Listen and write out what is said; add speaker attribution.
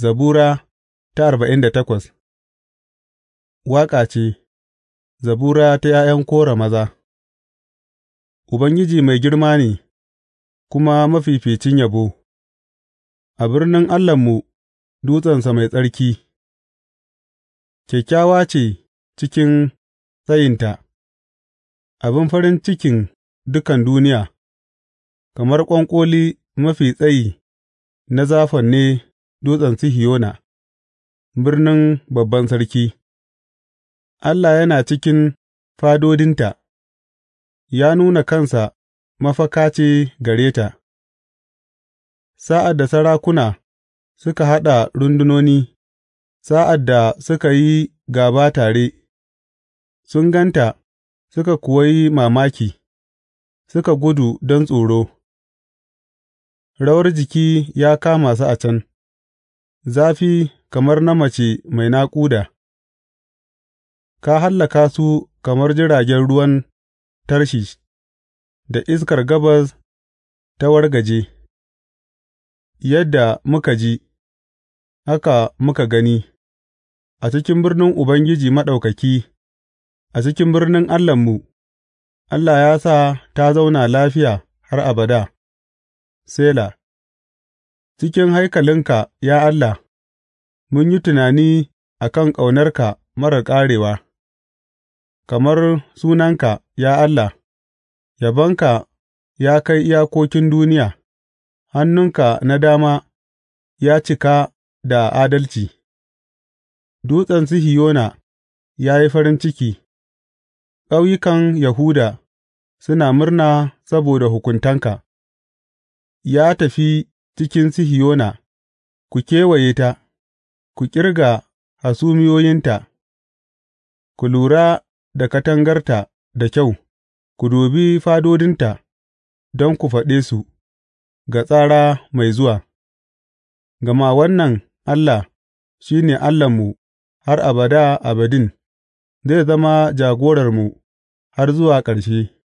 Speaker 1: Zabura ta arba'in da takwas Waƙa ce, Zabura ta ’ya'yan Kora maza Ubangiji mai girma ne, kuma mafificin yabo, a birnin Allahnmu, dutsensa mai tsarki, kyakkyawa ce cikin tsayinta, abin farin cikin dukan duniya, kamar ƙwanƙoli mafi tsayi na Zafon ne. Dutsen Sihiyona, birnin Babban Sarki Allah yana cikin fadodinta; ya nuna kansa mafaka ce gare ta sa'ad da sarakuna suka haɗa rundunoni, sa'ad da suka yi gaba tare, sun ganta suka kuwa yi mamaki, suka gudu don tsoro; rawar jiki ya kama su a can. zafi kamar na mace mai naƙuda; ka hallaka su kamar jiragen ruwan Tarshish da iskar gabas ta wargaje, yadda muka ji, haka muka gani, a cikin birnin Ubangiji Maɗaukaki, a cikin birnin Allahnmu, Allah ya sa ta zauna lafiya har abada. Sela Cikin haikalinka, ya Allah, mun yi tunani a kan ƙaunarka marar ƙarewa; kamar sunanka, ya Allah, yabonka ya kai iyakokin duniya, hannunka na dama ya cika da adalci, Dutsen Sihiyona ya yi farin ciki, ƙauyukan Yahuda suna murna saboda hukuntanka; ya tafi cikin Sihiyona, ku kewaye ta, ku ƙirga hasumiyoyinta, ku lura da katangarta da kyau, ku dubi fadodinta don ku faɗe su ga tsara mai zuwa, gama wannan Allah shi ne Allahnmu har abada abadin, zai zama jagorarmu har zuwa ƙarshe.